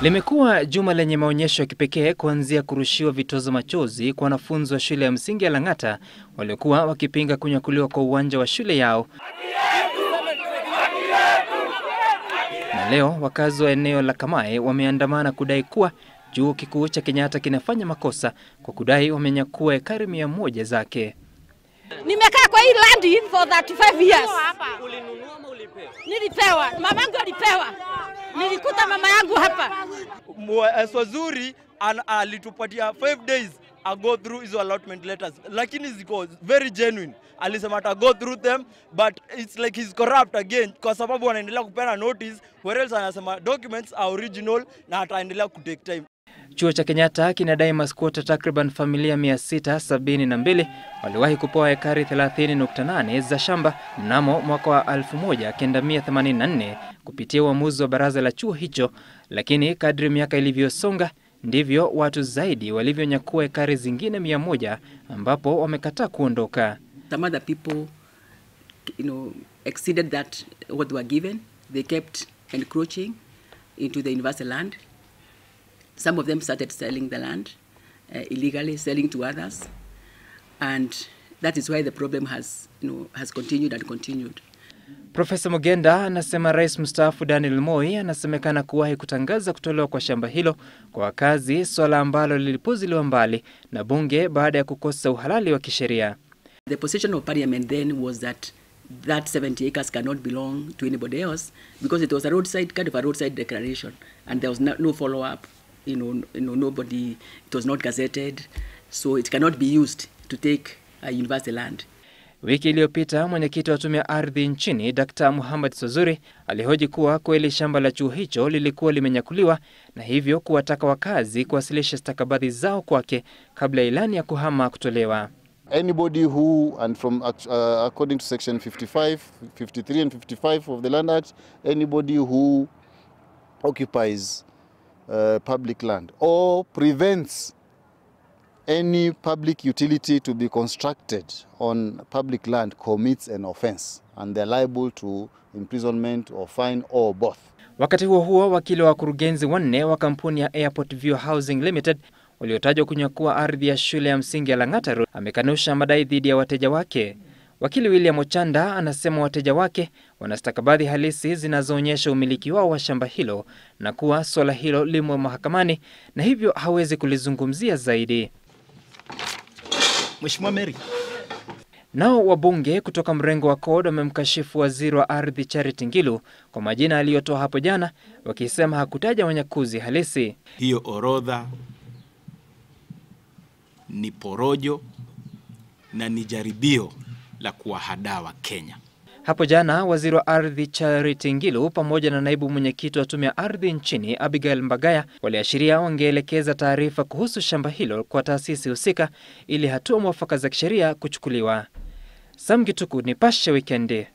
Limekuwa juma lenye maonyesho ya kipekee kuanzia kurushiwa vitozo machozi kwa wanafunzi wa shule ya msingi ya Lang'ata waliokuwa wakipinga kunyakuliwa kwa uwanja wa shule yao. Na leo wakazi wa eneo la Kamae wameandamana kudai kuwa Chuo Kikuu cha Kenyatta kinafanya makosa kwa kudai wamenyakua ekari mia moja zake. Nimekaa kwa hii land for 35 years. Nilipewa, mamangu alipewa nilikuta mama yangu hapa. Swazuri eh, alitupatia 5 days ago through his allotment letters, lakini ziko very genuine. Alisema ata go through them but it's like he's corrupt again, kwa sababu anaendelea kupeana notice, else. anasema documents are original na ataendelea kutake time. Chuo cha Kenyatta kinadai maskwota takriban familia 672 waliwahi kupewa ekari 30.8 za shamba mnamo mwaka wa 1984 kupitia uamuzi wa baraza la chuo hicho, lakini kadri miaka ilivyosonga ndivyo watu zaidi walivyonyakua ekari zingine 100 ambapo wamekataa kuondoka. Some other people you know, exceeded that what they were given. They kept encroaching into the university land. Some of them started selling the land uh, illegally, selling to others, and that is why the problem has, you know, has continued and continued. Profesa Mugenda anasema rais mstaafu Daniel Moi anasemekana kuwahi kutangaza kutolewa kwa shamba hilo kwa wakazi, swala ambalo lilipuziliwa mbali na bunge baada ya kukosa uhalali wa kisheria. The position of parliament then was that that 70 acres cannot belong to anybody else because it was a roadside kind of a roadside declaration and there was no, no follow up you know, you know, nobody, it was not gazetted, so it cannot be used to take a university land. Wiki iliyopita mwenyekiti wa tume ya ardhi nchini Dkt. Muhammad Sozuri alihoji kuwa kweli shamba la chuo hicho lilikuwa limenyakuliwa na hivyo kuwataka wakazi kuwasilisha stakabadhi zao kwake kabla ilani ya kuhama kutolewa. Anybody who and from uh, according to section 55, 53 and 55 of the Land Act, anybody who occupies Uh, public land or prevents any public utility to be constructed on public land commits an offense and they're liable to imprisonment or fine or both. Wakati huo huo, wakili wa wakurugenzi wanne wa kampuni ya Airport View Housing Limited waliotajwa kunyakua ardhi ya shule ya msingi ya Lang'ata Road amekanusha madai dhidi ya wateja wake. Wakili William Ochanda anasema wateja wake wanastakabadhi halisi zinazoonyesha umiliki wao wa shamba hilo na kuwa suala hilo limo mahakamani na hivyo hawezi kulizungumzia zaidi. Mheshimiwa Mary. Nao wabunge kutoka mrengo wa CORD wamemkashifu waziri wa ardhi Charity Ngilu kwa majina aliyotoa hapo jana, wakisema hakutaja wanyakuzi halisi. Hiyo orodha ni porojo na ni jaribio la kuwahadaa Kenya. Hapo jana waziri wa ardhi Charity Ngilu pamoja na naibu mwenyekiti wa tume ya ardhi nchini Abigail Mbagaya waliashiria wangeelekeza taarifa kuhusu shamba hilo kwa taasisi husika ili hatua mwafaka za kisheria kuchukuliwa. Sam Gituku, Nipashe Wikendi.